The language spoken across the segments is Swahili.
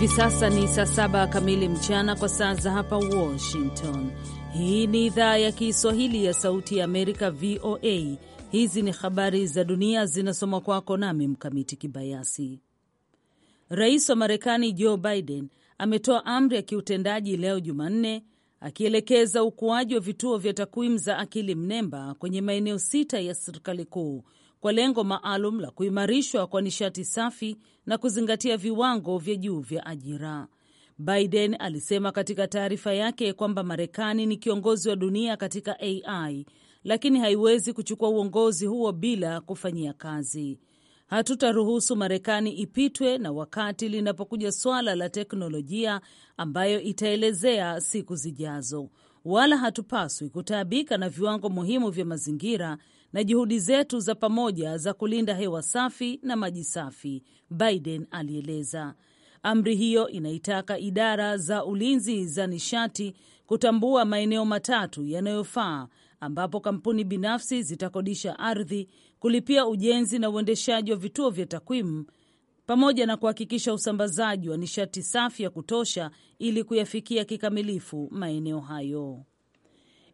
Hivi sasa ni saa saba kamili mchana kwa saa za hapa Washington. Hii ni idhaa ya Kiswahili ya Sauti ya Amerika, VOA. Hizi ni habari za dunia zinasoma kwako nami Mkamiti Kibayasi. Rais wa Marekani Joe Biden ametoa amri ya kiutendaji leo Jumanne, akielekeza ukuaji wa vituo vya takwimu za akili mnemba kwenye maeneo sita ya serikali kuu kwa lengo maalum la kuimarishwa kwa nishati safi na kuzingatia viwango vya juu vya ajira. Biden alisema katika taarifa yake kwamba Marekani ni kiongozi wa dunia katika AI, lakini haiwezi kuchukua uongozi huo bila kufanyia kazi. Hatutaruhusu Marekani ipitwe na wakati linapokuja swala la teknolojia ambayo itaelezea siku zijazo, wala hatupaswi kutaabika na viwango muhimu vya mazingira na juhudi zetu za pamoja za kulinda hewa safi na maji safi, Biden alieleza. Amri hiyo inaitaka idara za ulinzi za nishati kutambua maeneo matatu yanayofaa ambapo kampuni binafsi zitakodisha ardhi, kulipia ujenzi na uendeshaji wa vituo vya takwimu, pamoja na kuhakikisha usambazaji wa nishati safi ya kutosha ili kuyafikia kikamilifu maeneo hayo.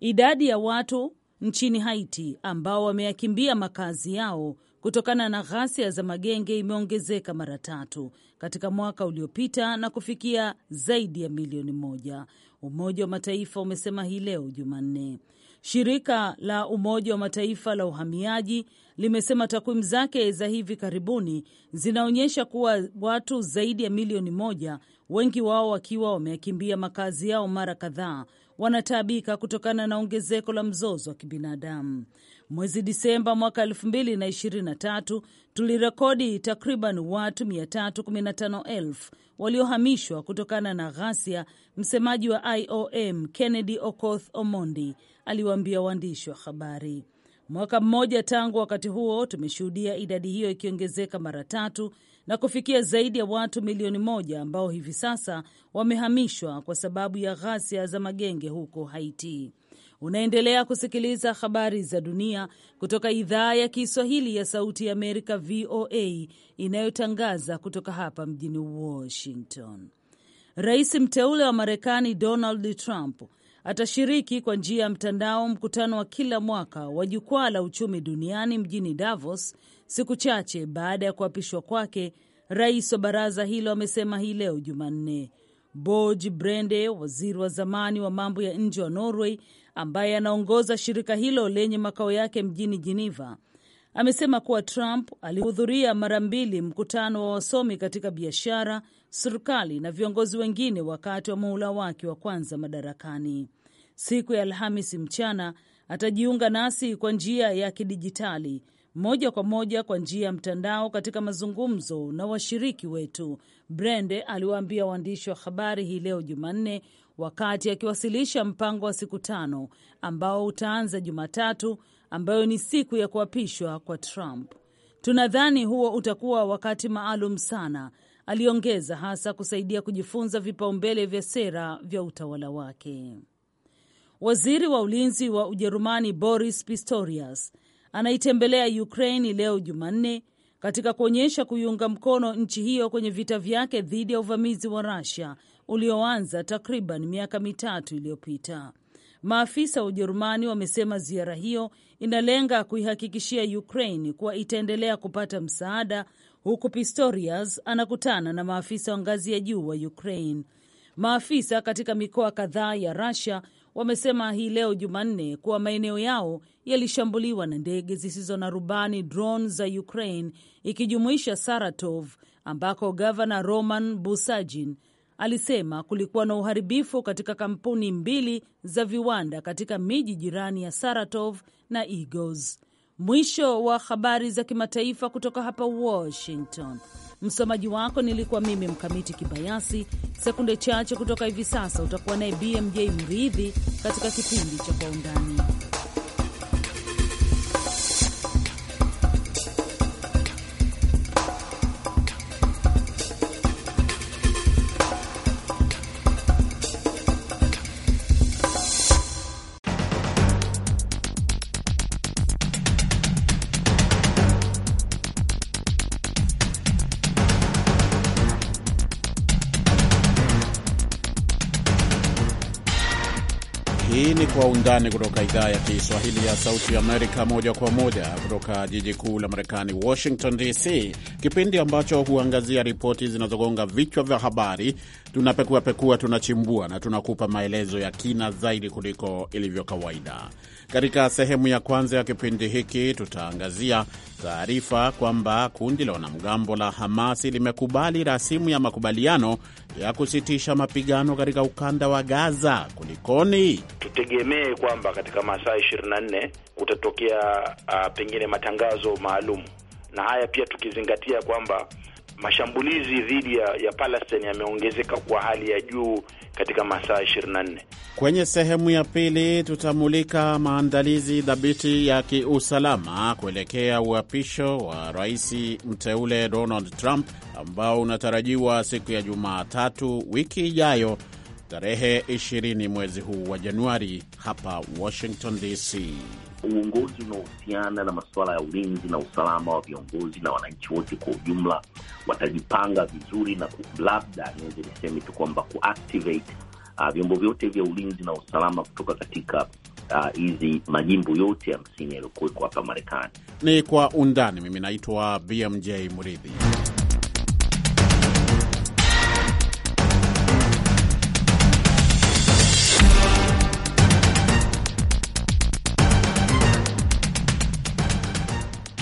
Idadi ya watu nchini Haiti ambao wameyakimbia makazi yao kutokana na ghasia za magenge imeongezeka mara tatu katika mwaka uliopita na kufikia zaidi ya milioni moja, Umoja wa Mataifa umesema hii leo Jumanne. Shirika la Umoja wa Mataifa la uhamiaji limesema takwimu zake za hivi karibuni zinaonyesha kuwa watu zaidi ya milioni moja, wengi wao wakiwa wameyakimbia makazi yao mara kadhaa wanataabika kutokana na ongezeko la mzozo wa kibinadamu. Mwezi Disemba mwaka 2023 tulirekodi takriban watu 315,000 waliohamishwa kutokana na ghasia. Msemaji wa IOM Kennedy Okoth Omondi aliwaambia waandishi wa habari. Mwaka mmoja tangu wakati huo tumeshuhudia idadi hiyo ikiongezeka mara tatu na kufikia zaidi ya watu milioni moja ambao hivi sasa wamehamishwa kwa sababu ya ghasia za magenge huko Haiti. Unaendelea kusikiliza habari za dunia kutoka idhaa ya Kiswahili ya Sauti ya Amerika, VOA, inayotangaza kutoka hapa mjini Washington. Rais mteule wa Marekani Donald Trump atashiriki kwa njia ya mtandao mkutano wa kila mwaka wa jukwaa la uchumi duniani mjini Davos, siku chache baada ya kuapishwa kwake. Rais wa baraza hilo amesema hii leo Jumanne. Borg Brende, waziri wa zamani wa mambo ya nje wa Norway ambaye anaongoza shirika hilo lenye makao yake mjini Geneva, amesema kuwa Trump alihudhuria mara mbili mkutano wa wasomi katika biashara, serikali na viongozi wengine wakati wa muhula wake wa kwanza madarakani. Siku ya Alhamisi mchana atajiunga nasi kwa njia ya kidijitali moja kwa moja kwa njia ya mtandao katika mazungumzo na washiriki wetu, Brende aliwaambia waandishi wa habari hii leo Jumanne, wakati akiwasilisha mpango wa siku tano ambao utaanza Jumatatu ambayo ni siku ya kuapishwa kwa Trump. Tunadhani huo utakuwa wakati maalum sana, aliongeza, hasa kusaidia kujifunza vipaumbele vya sera vya utawala wake. Waziri wa ulinzi wa Ujerumani Boris Pistorius anaitembelea Ukraini leo Jumanne katika kuonyesha kuiunga mkono nchi hiyo kwenye vita vyake dhidi ya uvamizi wa rasia ulioanza takriban miaka mitatu iliyopita. Maafisa wa Ujerumani wamesema ziara hiyo inalenga kuihakikishia Ukraine kuwa itaendelea kupata msaada, huku Pistorius anakutana na maafisa wa ngazi ya juu wa Ukraine. Maafisa katika mikoa kadhaa ya Russia wamesema hii leo Jumanne kuwa maeneo yao yalishambuliwa na ndege zisizo na rubani drone za Ukraine, ikijumuisha Saratov ambako gavana Roman Busajin alisema kulikuwa na uharibifu katika kampuni mbili za viwanda katika miji jirani ya Saratov na egos Mwisho wa habari za kimataifa kutoka hapa Washington. Msomaji wako nilikuwa mimi Mkamiti Kibayasi. Sekunde chache kutoka hivi sasa utakuwa naye BMJ Mridhi katika kipindi cha Kwa Undani. undani kutoka idhaa ya Kiswahili ya Sauti ya Amerika, moja kwa moja kutoka jiji kuu la Marekani, Washington DC, kipindi ambacho huangazia ripoti zinazogonga vichwa vya habari. Tunapekuapekua, tunachimbua na tunakupa maelezo ya kina zaidi kuliko ilivyo kawaida. Katika sehemu ya kwanza ya kipindi hiki tutaangazia taarifa kwamba kundi la wanamgambo la Hamasi limekubali rasimu ya makubaliano ya kusitisha mapigano katika ukanda wa Gaza. Kulikoni? Tutegemee kwamba katika masaa 24 kutatokea uh, pengine matangazo maalum, na haya pia tukizingatia kwamba mashambulizi dhidi ya, ya Palestine yameongezeka kwa hali ya juu katika masaa 24. Kwenye sehemu ya pili tutamulika maandalizi dhabiti ya kiusalama kuelekea uapisho wa rais mteule Donald Trump ambao unatarajiwa siku ya Jumatatu wiki ijayo tarehe 20 mwezi huu wa Januari hapa Washington DC uongozi unaohusiana na masuala ya ulinzi na usalama wa viongozi na wananchi wote kwa ujumla watajipanga vizuri, na labda niweze niseme tu kwamba kuactivate uh, ah, vyombo vyote vya ulinzi na usalama kutoka katika ah, hizi uh, majimbo yote hamsini yaliyokuwekwa hapa Marekani. Ni kwa undani. Mimi naitwa BMJ Muridhi.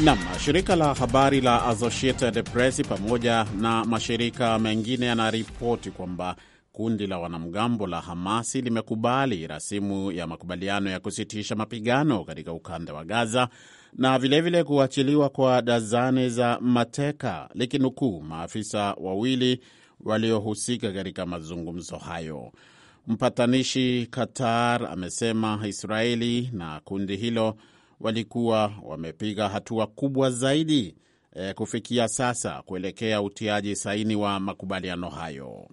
Nam, shirika la habari la Associated Press pamoja na mashirika mengine yanaripoti kwamba kundi la wanamgambo la Hamasi limekubali rasimu ya makubaliano ya kusitisha mapigano katika ukanda wa Gaza na vilevile kuachiliwa kwa dazani za mateka, likinukuu maafisa wawili waliohusika katika mazungumzo hayo. Mpatanishi Qatar amesema Israeli na kundi hilo walikuwa wamepiga hatua kubwa zaidi e, kufikia sasa kuelekea utiaji saini wa makubaliano hayo.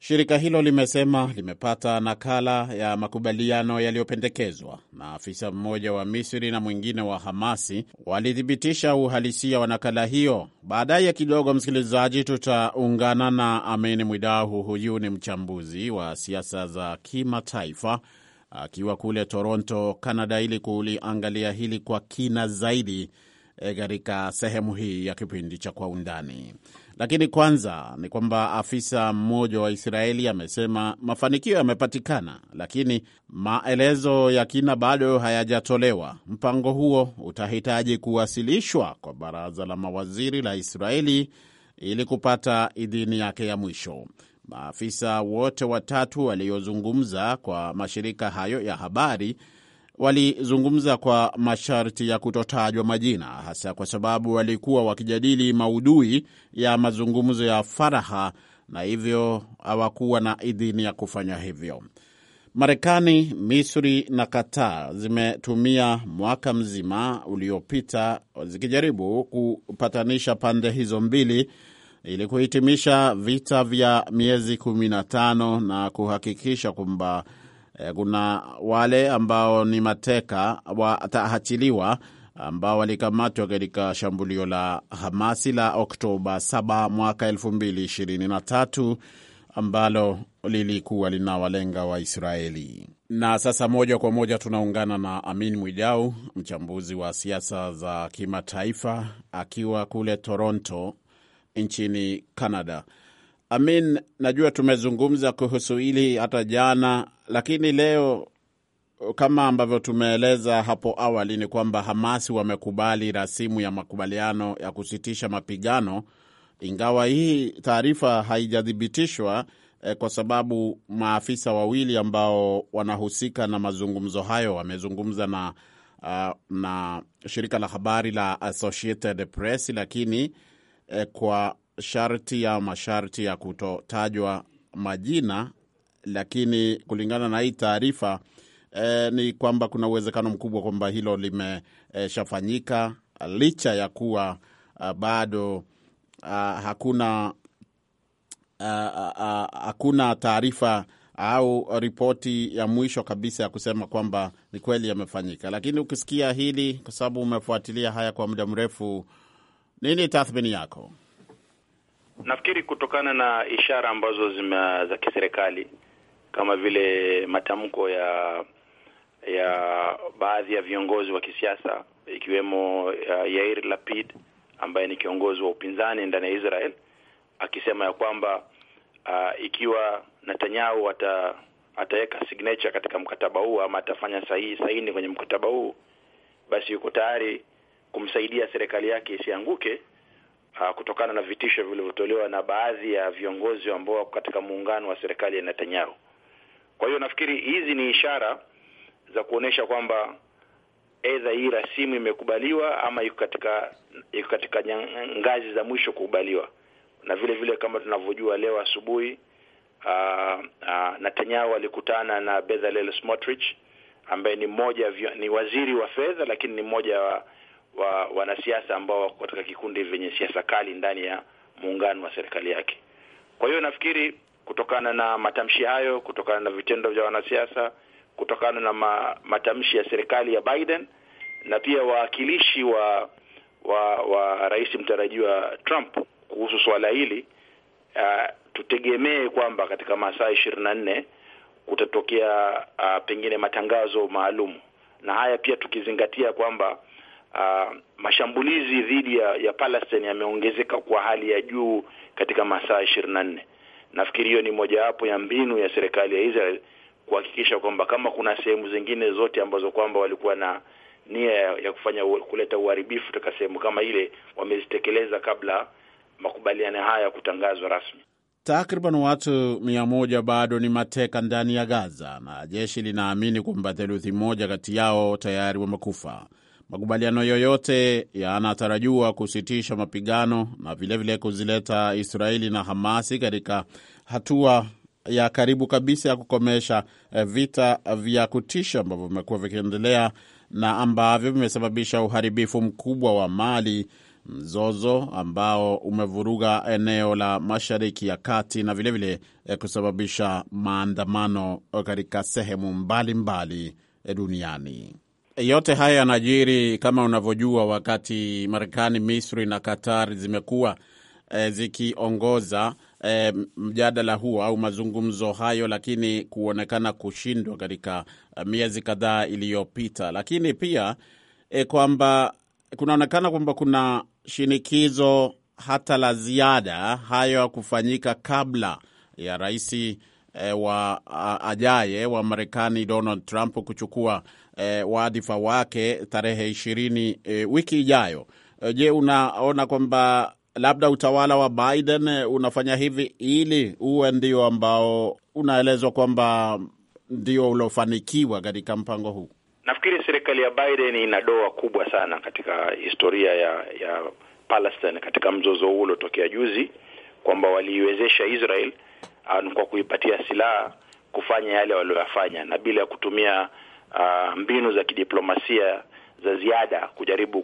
Shirika hilo limesema limepata nakala ya makubaliano yaliyopendekezwa na afisa mmoja wa Misri na mwingine wa Hamasi walithibitisha uhalisia wa nakala hiyo. Baadaye kidogo, msikilizaji, tutaungana na Amin Mwidahu. Huyu ni mchambuzi wa siasa za kimataifa akiwa kule Toronto, Canada, ili kuliangalia hili kwa kina zaidi eh, katika sehemu hii ya kipindi cha Kwa Undani. Lakini kwanza ni kwamba afisa mmoja wa Israeli amesema mafanikio yamepatikana, lakini maelezo ya kina bado hayajatolewa. Mpango huo utahitaji kuwasilishwa kwa baraza la mawaziri la Israeli ili kupata idhini yake ya mwisho. Maafisa wote watatu waliozungumza kwa mashirika hayo ya habari walizungumza kwa masharti ya kutotajwa majina, hasa kwa sababu walikuwa wakijadili maudhui ya mazungumzo ya faraha na hivyo hawakuwa na idhini ya kufanya hivyo. Marekani, Misri na Qatar zimetumia mwaka mzima uliopita zikijaribu kupatanisha pande hizo mbili ili kuhitimisha vita vya miezi kumi na tano na kuhakikisha kwamba eh, kuna wale ambao ni mateka wataachiliwa ambao walikamatwa katika shambulio la Hamasi la Oktoba 7 mwaka 2023 ambalo lilikuwa linawalenga Waisraeli. Na sasa moja kwa moja tunaungana na Amin Mwijau, mchambuzi wa siasa za kimataifa akiwa kule Toronto, nchini Canada. Amin, najua tumezungumza kuhusu hili hata jana, lakini leo kama ambavyo tumeeleza hapo awali ni kwamba Hamasi wamekubali rasimu ya makubaliano ya kusitisha mapigano, ingawa hii taarifa haijathibitishwa eh, kwa sababu maafisa wawili ambao wanahusika na mazungumzo hayo wamezungumza na, uh, na shirika la habari la Associated Press, lakini eh, kwa sharti ya masharti ya kutotajwa majina, lakini kulingana na hii taarifa eh, ni kwamba kuna uwezekano mkubwa kwamba hilo limeshafanyika eh, licha ya kuwa ah, bado ah, hakuna ah, ah, hakuna taarifa au ripoti ya mwisho kabisa ya kusema kwamba ni kweli yamefanyika. Lakini ukisikia hili, kwa sababu umefuatilia haya kwa muda mrefu, nini tathmini yako? Nafikiri kutokana na ishara ambazo zima za kiserikali kama vile matamko ya ya baadhi ya viongozi wa kisiasa ikiwemo uh, Yair Lapid ambaye ni kiongozi wa upinzani ndani ya Israel akisema ya kwamba uh, ikiwa Netanyahu ata ataweka signature katika mkataba huu ama atafanya sahihi saini kwenye mkataba huu, basi yuko tayari kumsaidia serikali yake isianguke uh, kutokana na vitisho vilivyotolewa na baadhi ya viongozi ambao wako katika muungano wa serikali ya Netanyahu. Kwa hiyo nafikiri hizi ni ishara za kuonesha kwamba aidha hii rasimu imekubaliwa ama iko katika iko katika ngazi za mwisho kukubaliwa, na vile vile kama tunavyojua leo asubuhi uh, uh, Netanyahu alikutana na Bezalel Smotrich ambaye ni mmoja ni waziri wa fedha, lakini ni mmoja wa wa wanasiasa ambao wako katika kikundi vyenye siasa kali ndani ya muungano wa serikali yake. Kwa hiyo nafikiri kutokana na matamshi hayo, kutokana na vitendo vya wanasiasa, kutokana na ma, matamshi ya serikali ya Biden na pia wawakilishi wa wa, wa rais mtarajiwa Trump kuhusu swala hili uh, tutegemee kwamba katika masaa ishirini na nne kutatokea uh, pengine matangazo maalum, na haya pia tukizingatia kwamba uh, mashambulizi dhidi ya, ya Palestine yameongezeka kwa hali ya juu katika masaa ishirini na nne. Nafikiri hiyo ni mojawapo ya mbinu ya serikali ya Israel kuhakikisha kwamba kama kuna sehemu zingine zote ambazo kwamba walikuwa na nia ya kufanya kuleta uharibifu katika sehemu kama ile wamezitekeleza kabla makubaliano haya kutangazwa rasmi. Takriban watu mia moja bado ni mateka ndani ya Gaza na jeshi linaamini kwamba theluthi moja kati yao tayari wamekufa. Makubaliano yoyote yanatarajiwa kusitisha mapigano na vilevile vile kuzileta Israeli na Hamasi katika hatua ya karibu kabisa ya kukomesha eh, vita vya kutisha ambavyo vimekuwa vikiendelea na ambavyo vimesababisha uharibifu mkubwa wa mali, mzozo ambao umevuruga eneo la Mashariki ya Kati na vilevile vile eh, kusababisha maandamano katika sehemu mbalimbali mbali eh, duniani yote haya yanajiri kama unavyojua, wakati Marekani, Misri na Qatar zimekuwa e, zikiongoza e, mjadala huo au mazungumzo hayo, lakini kuonekana kushindwa katika eh, miezi kadhaa iliyopita, lakini pia e, kwamba kunaonekana kwamba kuna shinikizo hata la ziada hayo kufanyika kabla ya rais e, wa ajaye wa Marekani Donald Trump kuchukua eh, wadhifa wake tarehe ishirini eh, wiki ijayo. E, je, unaona kwamba labda utawala wa Biden unafanya hivi ili uwe ndio ambao unaelezwa kwamba ndio uliofanikiwa katika mpango huu? Nafikiri serikali ya Biden ina doa kubwa sana katika historia ya, ya Palestine katika mzozo huu uliotokea juzi, kwamba waliiwezesha Israel ah, kwa kuipatia silaha kufanya yale walioyafanya na bila ya kutumia uh, mbinu za kidiplomasia za ziada kujaribu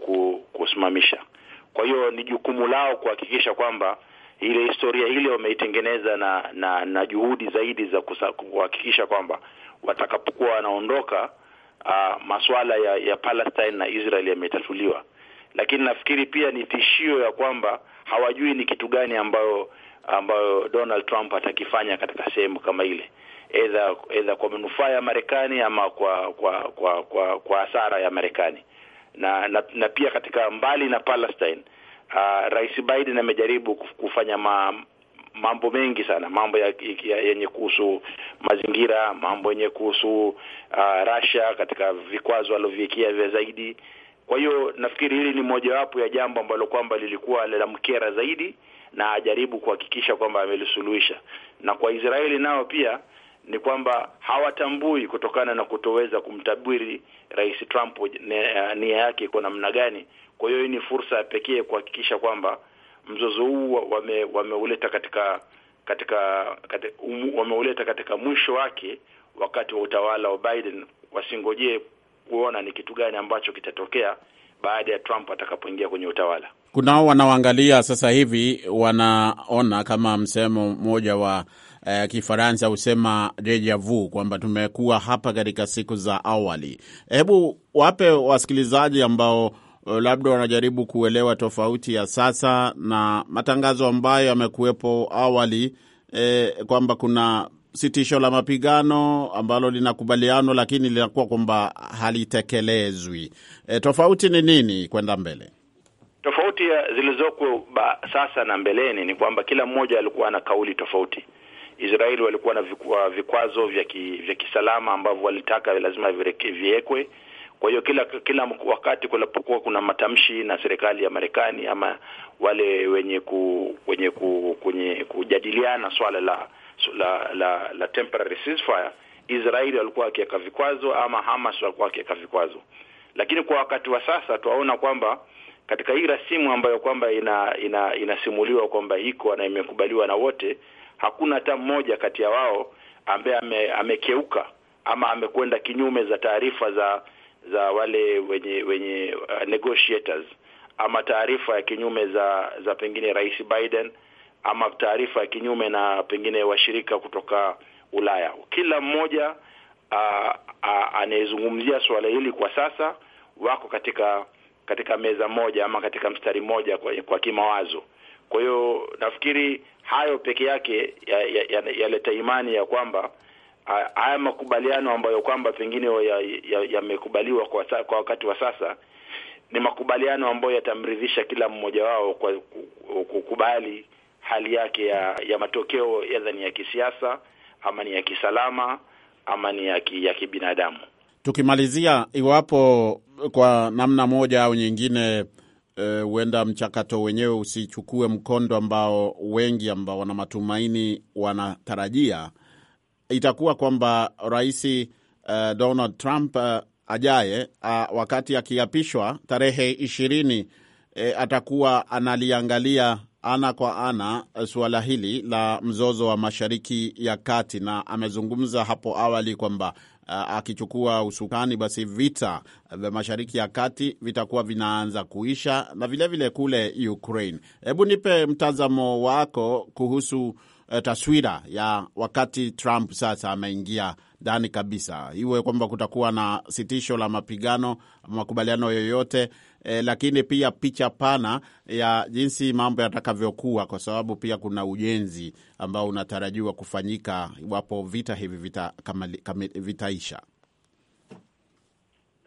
kusimamisha. Kwa hiyo ni jukumu lao kuhakikisha kwamba ile historia ile wameitengeneza na, na na juhudi zaidi za kuhakikisha kwamba watakapokuwa wanaondoka uh, masuala ya, ya Palestine na Israel yametatuliwa. Lakini nafikiri pia ni tishio ya kwamba hawajui ni kitu gani ambayo ambayo Donald Trump atakifanya katika sehemu kama ile, aidha kwa manufaa ya Marekani ama kwa kwa kwa kwa kwa hasara ya Marekani na, na na pia katika mbali na Palestine. Uh, Rais Biden amejaribu kufanya ma, mambo mengi sana, mambo yenye kuhusu mazingira, mambo yenye kuhusu uh, Russia katika vikwazo alivyoviwekea vya zaidi. Kwa hiyo nafikiri hili ni mojawapo ya jambo ambalo kwamba lilikuwa mkera zaidi na ajaribu kuhakikisha kwamba amelisuluhisha. Na kwa Israeli nao pia ni kwamba hawatambui kutokana na kutoweza kumtabiri Rais Trump eh, nia yake iko namna gani. Kwa hiyo hii ni fursa ya pekee kuhakikisha kwamba mzozo huu wame, wameuleta katika katika, katika um, wameuleta katika mwisho wake wakati wa utawala wa Biden. Wasingojee kuona ni kitu gani ambacho kitatokea baada ya Trump atakapoingia kwenye utawala. Kunao wanaoangalia sasa hivi wanaona kama msemo mmoja wa eh, Kifaransa husema deja vu, kwamba tumekuwa hapa katika siku za awali. Hebu wape wasikilizaji ambao eh, labda wanajaribu kuelewa tofauti ya sasa na matangazo ambayo yamekuwepo awali, eh, kwamba kuna sitisho la mapigano ambalo linakubaliano lakini linakuwa kwamba halitekelezwi. E, tofauti ni nini kwenda mbele? tofauti zilizoko sasa na mbeleni ni kwamba kila mmoja alikuwa na kauli tofauti. Israeli walikuwa na uh, vikwazo vya kisalama ambavyo walitaka lazima viwekwe. Kwa hiyo kila kila wakati kunapokuwa kuna matamshi na serikali ya Marekani ama wale wenye ku, wenye ku, kwenye kujadiliana swala la la, la, la temporary ceasefire, Israeli walikuwa wakiweka vikwazo ama Hamas walikuwa wakiweka vikwazo, lakini kwa wakati wa sasa tuwaona kwamba katika hii rasimu ambayo kwamba ina, ina inasimuliwa kwamba iko na imekubaliwa na wote, hakuna hata mmoja kati ya wao ambaye ame, amekeuka ama amekwenda kinyume za taarifa za za wale wenye wenye uh, negotiators ama taarifa ya kinyume za za pengine Rais Biden ama taarifa ya kinyume na pengine washirika kutoka Ulaya. Kila mmoja uh, uh, anayezungumzia suala hili kwa sasa wako katika katika meza moja ama katika mstari mmoja kwa, kwa kimawazo. Kwa hiyo nafikiri hayo peke yake yaleta ya, ya imani ya kwamba haya makubaliano ambayo kwamba pengine yamekubaliwa ya, ya kwa, kwa wakati wa sasa ni makubaliano ambayo yatamridhisha kila mmoja wao kwa kukubali hali yake ya, ya matokeo, aidha ni ya kisiasa ama ni ya kisalama ama ni ya, ki, ya kibinadamu. Tukimalizia, iwapo kwa namna moja au nyingine eh, huenda e, mchakato wenyewe usichukue mkondo ambao wengi ambao wana matumaini wanatarajia, itakuwa kwamba rais e, Donald Trump e, ajaye a, ah, wakati akiapishwa tarehe ishirini e, atakuwa analiangalia ana kwa ana suala hili la mzozo wa Mashariki ya Kati, na amezungumza hapo awali kwamba akichukua usukani, basi vita vya Mashariki ya Kati vitakuwa vinaanza kuisha na vilevile vile kule Ukraine. Hebu nipe mtazamo wako kuhusu eh, taswira ya wakati Trump sasa ameingia ndani kabisa, iwe kwamba kutakuwa na sitisho la mapigano, makubaliano yoyote e, lakini pia picha pana ya jinsi mambo yatakavyokuwa, kwa sababu pia kuna ujenzi ambao unatarajiwa kufanyika iwapo vita hivi vitaisha.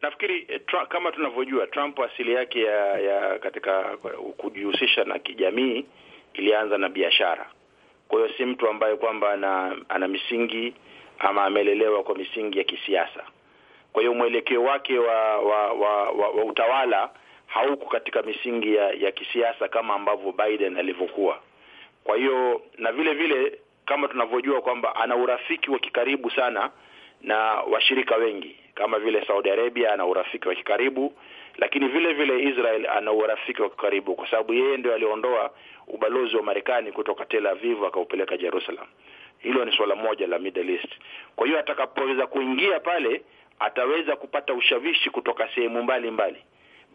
Nafikiri eh, kama tunavyojua, Trump asili yake ya, ya katika kujihusisha na kijamii ilianza na biashara. Kwa hiyo si mtu ambaye kwamba ana, ana misingi ama amelelewa kwa misingi ya kisiasa. Kwa hiyo mwelekeo wake wa, wa, wa, wa, wa utawala hauko katika misingi ya, ya kisiasa kama ambavyo Biden alivyokuwa. Kwa hiyo na vile vile kama tunavyojua kwamba ana urafiki wa kikaribu sana na washirika wengi kama vile Saudi Arabia, ana urafiki wa kikaribu lakini vile vile Israel ana urafiki wa kikaribu kwa sababu yeye ndio aliondoa ubalozi wa Marekani kutoka Tel Aviv akaupeleka Jerusalem. Hilo ni suala moja la Middle East. Kwa hiyo atakapoweza kuingia pale ataweza kupata ushawishi kutoka sehemu mbalimbali.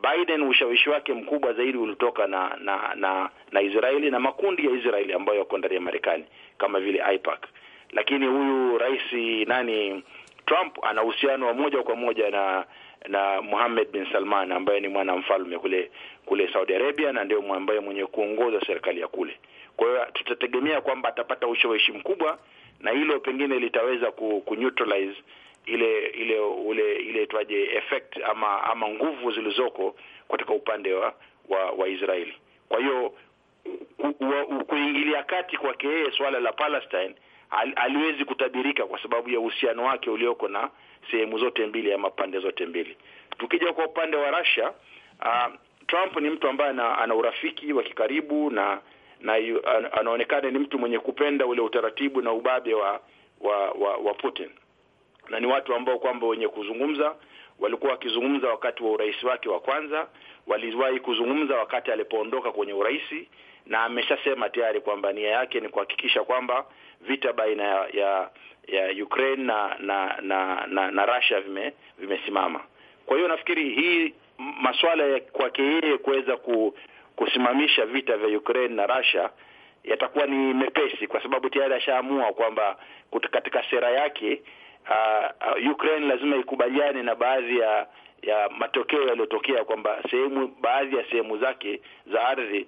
Biden ushawishi wake mkubwa zaidi ulitoka na na na na Israeli na makundi ya Israeli ambayo yako ndani ya Marekani kama vile AIPAC, lakini huyu rais nani Trump ana uhusiano wa moja kwa moja na na Mohammed bin Salman ambaye ni mwana mfalme kule kule Saudi Arabia na ndio ambaye mwenye kuongoza serikali ya kule. Kwa hiyo tutategemea kwamba atapata ushawishi mkubwa, na hilo pengine litaweza ku, ku neutralize ile ile ule ile itwaje effect ama ama nguvu zilizoko katika upande wa wa, wa Israeli. Kwa hiyo kuingilia kati kwake yeye swala la Palestine al, aliwezi kutabirika kwa sababu ya uhusiano wake ulioko na sehemu zote mbili ama pande zote mbili. Tukija kwa upande wa Russia, uh, Trump ni mtu ambaye ana, ana urafiki wa kikaribu na na anaonekana ni mtu mwenye kupenda ule utaratibu na ubabe wa wa, wa, wa Putin na ni watu ambao kwamba wenye kuzungumza, walikuwa wakizungumza wakati wa urais wake wa kwanza, waliwahi kuzungumza wakati alipoondoka kwenye urais, na ameshasema tayari kwamba nia yake ni kuhakikisha kwamba vita baina ya, ya, ya Ukraine na na na, na, na Russia vime, vimesimama. Kwa hiyo nafikiri hii masuala ya kwake yeye kuweza ku, kusimamisha vita vya Ukraine na Russia yatakuwa ni mepesi kwa sababu tayari ashaamua kwamba katika sera yake Uh, uh, Ukraine lazima ikubaliane na baadhi ya ya matokeo yaliyotokea kwamba sehemu baadhi ya sehemu zake za ardhi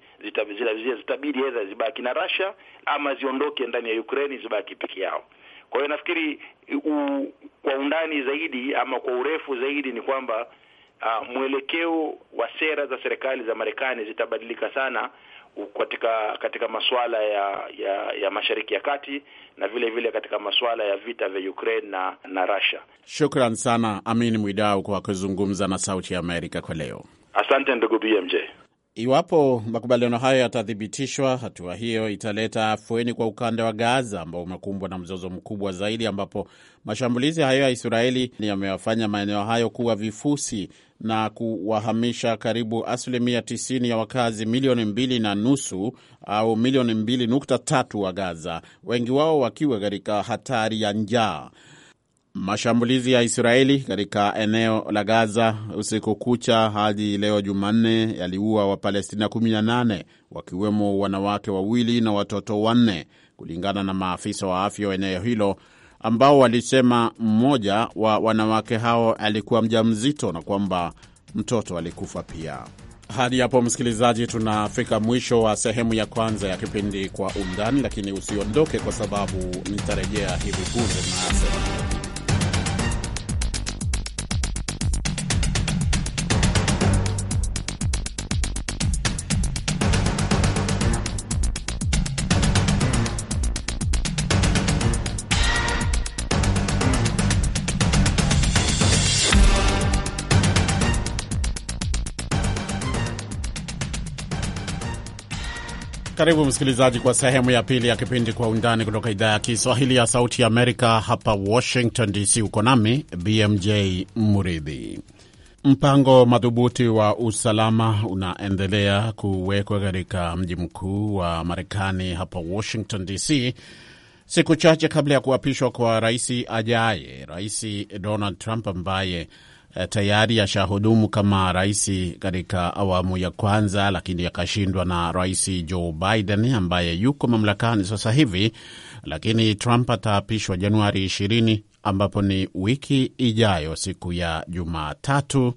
zitabidi aidha zibaki na Russia ama ziondoke ndani ya Ukraine zibaki peke yao. Kwa hiyo nafikiri u, kwa undani zaidi ama kwa urefu zaidi ni kwamba uh, mwelekeo wa sera za serikali za Marekani zitabadilika sana katika katika masuala ya, ya ya Mashariki ya Kati na vile vile katika masuala ya vita vya Ukraine na na Russia. Shukran sana Amin Mwidau kwa kuzungumza na Sauti ya Amerika kwa leo. Asante ndugu BMJ. Iwapo makubaliano hayo yatathibitishwa, hatua hiyo italeta afueni kwa ukanda wa Gaza ambao umekumbwa na mzozo mkubwa zaidi, ambapo mashambulizi hayo ya Israeli yamewafanya maeneo hayo kuwa vifusi na kuwahamisha karibu asilimia 90 ya wakazi milioni mbili na nusu au milioni mbili nukta tatu wa Gaza, wengi wao wakiwa katika hatari ya njaa. Mashambulizi ya Israeli katika eneo la Gaza usiku kucha hadi leo Jumanne yaliua Wapalestina 18 wakiwemo wanawake wawili na watoto wanne, kulingana na maafisa wa afya wa eneo hilo ambao walisema mmoja wa wanawake hao alikuwa mjamzito na kwamba mtoto alikufa pia. Hadi hapo msikilizaji, tunafika mwisho wa sehemu ya kwanza ya kipindi Kwa Undani, lakini usiondoke, kwa sababu nitarejea hivi punde na Karibu msikilizaji kwa sehemu ya pili ya kipindi Kwa Undani kutoka idhaa ya Kiswahili ya Sauti ya Amerika, hapa Washington DC. Uko nami BMJ Muridhi. Mpango madhubuti wa usalama unaendelea kuwekwa katika mji mkuu wa Marekani, hapa Washington DC, siku chache kabla ya kuapishwa kwa rais ajaye, Rais Donald Trump ambaye Eh, tayari ashahudumu kama rais katika awamu ya kwanza, lakini akashindwa na rais Joe Biden ambaye yuko mamlakani sasa hivi, lakini Trump ataapishwa Januari 20 ambapo ni wiki ijayo, siku ya Jumatatu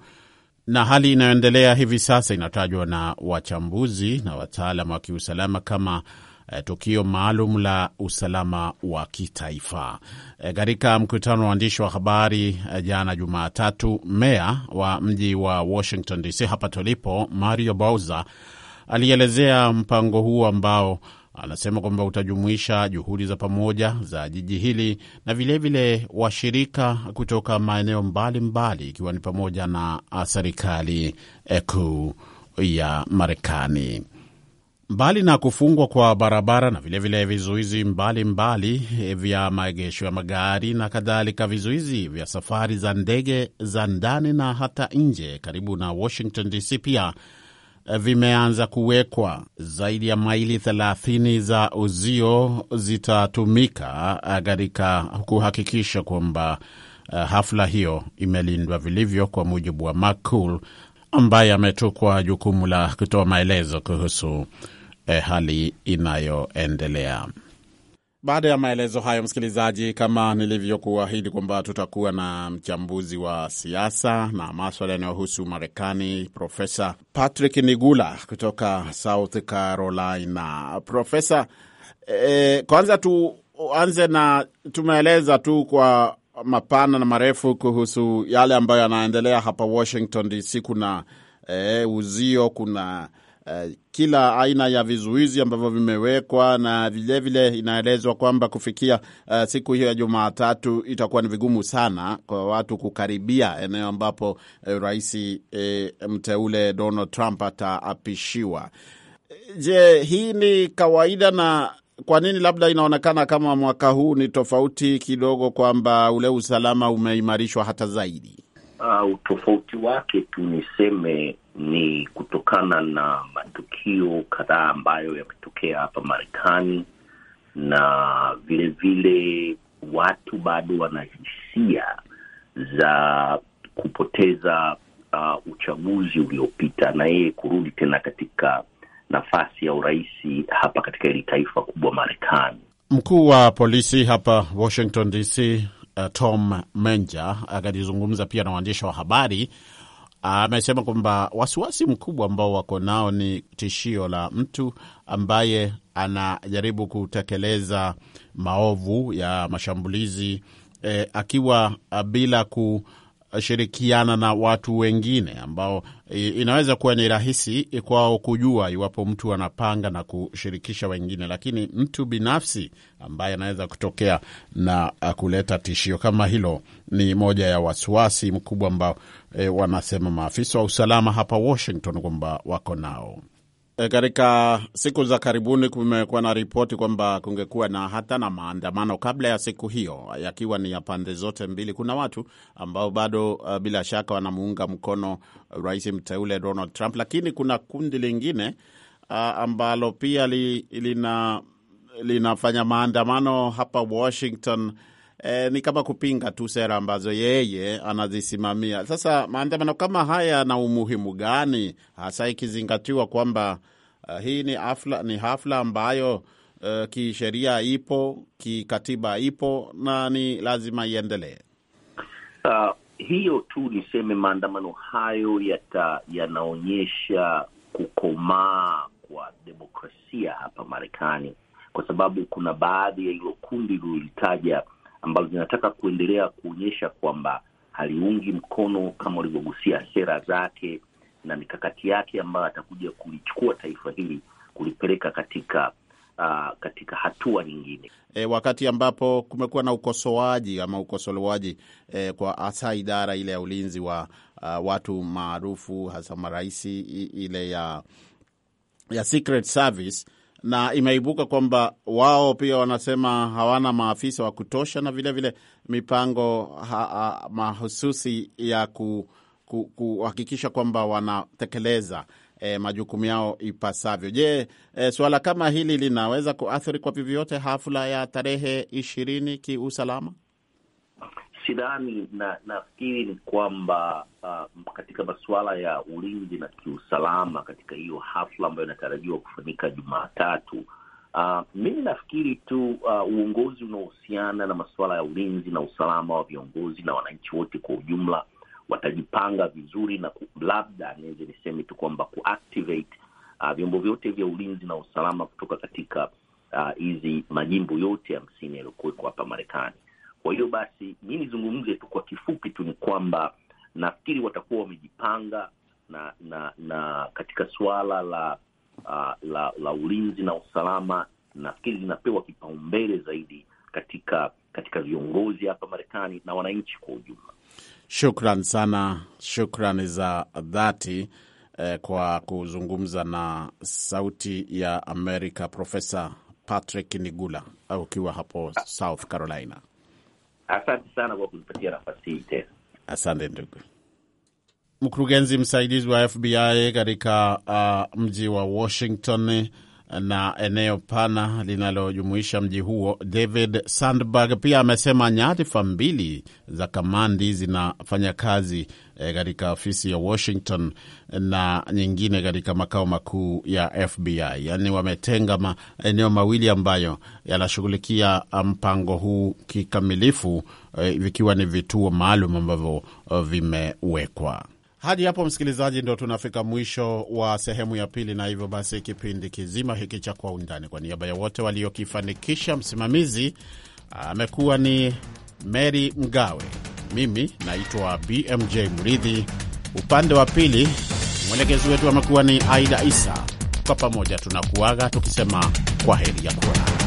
na hali inayoendelea hivi sasa inatajwa na wachambuzi na wataalam wa kiusalama kama Eh, tukio maalum la usalama wa kitaifa. Eh, katika mkutano wa waandishi wa habari eh, jana Jumatatu, meya wa mji wa Washington DC hapa tulipo, Mario Bowser alielezea mpango huu ambao anasema kwamba utajumuisha juhudi za pamoja za jiji hili na vilevile washirika kutoka maeneo mbalimbali ikiwa mbali, ni pamoja na serikali kuu ya Marekani. Mbali na kufungwa kwa barabara na vilevile vizuizi mbalimbali vya maegesho ya magari na kadhalika, vizuizi vya safari za ndege za ndani na hata nje karibu na Washington DC pia eh, vimeanza kuwekwa. Zaidi ya maili 30 za uzio zitatumika eh, katika kuhakikisha kwamba eh, hafla hiyo imelindwa vilivyo, kwa mujibu wa Mark ambaye ametukwa jukumu la kutoa maelezo kuhusu eh, hali inayoendelea. Baada ya maelezo hayo, msikilizaji, kama nilivyokuahidi kwamba tutakuwa na mchambuzi wa siasa na maswala yanayohusu Marekani, Profesa Patrick Nigula kutoka South Carolina. Profesa, eh, kwanza tuanze na tumeeleza tu kwa mapana na marefu kuhusu yale ambayo yanaendelea hapa Washington DC. Kuna eh, uzio, kuna Eh, kila aina ya vizuizi ambavyo vimewekwa na vilevile inaelezwa kwamba kufikia uh, siku hiyo ya Jumatatu itakuwa ni vigumu sana kwa watu kukaribia eneo ambapo uh, rais uh, mteule Donald Trump ataapishiwa. Je, hii ni kawaida na kwa nini labda inaonekana kama mwaka huu ni tofauti kidogo, kwamba ule usalama umeimarishwa hata zaidi? utofauti wake tu niseme ni kutokana na matukio kadhaa ambayo yametokea hapa Marekani, na vilevile vile watu bado wana hisia za kupoteza uh, uchaguzi uliopita na yeye kurudi tena katika nafasi ya urais hapa katika hili taifa kubwa Marekani. Mkuu wa polisi hapa Washington DC uh, Tom Menja akizungumza pia na waandishi wa habari amesema uh, kwamba wasiwasi mkubwa ambao wako nao ni tishio la mtu ambaye anajaribu kutekeleza maovu ya mashambulizi eh, akiwa eh, bila ku shirikiana na watu wengine ambao inaweza kuwa ni rahisi kwao kujua iwapo mtu anapanga na kushirikisha wengine, lakini mtu binafsi ambaye anaweza kutokea na kuleta tishio kama hilo ni moja ya wasiwasi mkubwa ambao e, wanasema maafisa wa usalama hapa Washington kwamba wako nao. Eh, katika siku za karibuni kumekuwa na ripoti kwamba kungekuwa na hata na maandamano kabla ya siku hiyo, yakiwa ni ya pande zote mbili. Kuna watu ambao bado uh, bila shaka wanamuunga mkono rais mteule Donald Trump, lakini kuna kundi lingine uh, ambalo pia li, lina, linafanya maandamano hapa Washington eh, ni kama kupinga tu sera ambazo yeye anazisimamia. Sasa maandamano kama haya yana umuhimu gani hasa ikizingatiwa kwamba uh, hii ni hafla, ni hafla ambayo Uh, kisheria ipo, kikatiba ipo na ni lazima iendelee. Uh, hiyo tu niseme, maandamano hayo yata, yanaonyesha kukomaa kwa demokrasia hapa Marekani, kwa sababu kuna baadhi ya hilo kundi lilolitaja ambazo zinataka kuendelea kuonyesha kwamba haliungi mkono kama ulivyogusia sera zake na mikakati yake ambayo atakuja kulichukua taifa hili kulipeleka katika uh, katika hatua nyingine. E, wakati ambapo kumekuwa na ukosoaji ama ukosolewaji e, kwa hasa idara ile ya ulinzi wa uh, watu maarufu hasa maraisi ile ya ya Secret Service na imeibuka kwamba wao pia wanasema hawana maafisa wa kutosha na vilevile vile mipango ha mahususi ya kuhakikisha ku, ku, kwamba wanatekeleza e, majukumu yao ipasavyo. Je, e, suala kama hili linaweza kuathiri kwa vyovyote hafla ya tarehe ishirini kiusalama? sidhani na nafikiri ni kwamba uh, katika masuala ya ulinzi na kiusalama katika hiyo hafla ambayo inatarajiwa kufanyika Jumatatu, uh, mimi nafikiri tu uh, uongozi unaohusiana na masuala ya ulinzi na usalama wa viongozi na wananchi wote kwa ujumla watajipanga vizuri na labda niweze niseme tu kwamba kuactivate uh, vyombo vyote vya ulinzi na usalama kutoka katika uh, hizi uh, majimbo yote hamsini yaliyokuwekwa hapa Marekani. Kwa hiyo basi, mi nizungumze tu kwa kifupi tu ni kwamba nafikiri watakuwa wamejipanga na na na katika suala la Uh, la la ulinzi na usalama nafikiri linapewa kipaumbele zaidi katika katika viongozi hapa Marekani na wananchi kwa ujumla. Shukran sana, shukran za dhati eh, kwa kuzungumza na Sauti ya Amerika, Profesa Patrick Nigula ukiwa hapo South Carolina. Asante sana kwa kunipatia nafasi hii tena. Asante ndugu mkurugenzi msaidizi wa FBI katika uh, mji wa Washington uh, na eneo pana linalojumuisha mji huo, David Sandberg pia amesema nyadhifa mbili za kamandi zinafanya kazi Eh, katika ofisi ya Washington na nyingine katika makao makuu ya FBI. Yaani wametenga maeneo mawili ambayo yanashughulikia ah, mpango huu kikamilifu, eh, vikiwa ni vituo maalum ambavyo eh, vimewekwa. Hadi hapo msikilizaji, ndo tunafika mwisho wa sehemu ya pili, na hivyo basi kipindi kizima hiki cha Kwa Undani, kwa niaba ya wote waliokifanikisha, msimamizi ah, amekuwa ni Mary Mgawe. Mimi naitwa BMJ Mridhi, upande wa pili mwelekezi wetu amekuwa ni Aida Isa. Kwa pamoja tunakuaga tukisema kwa heri ya kuonana.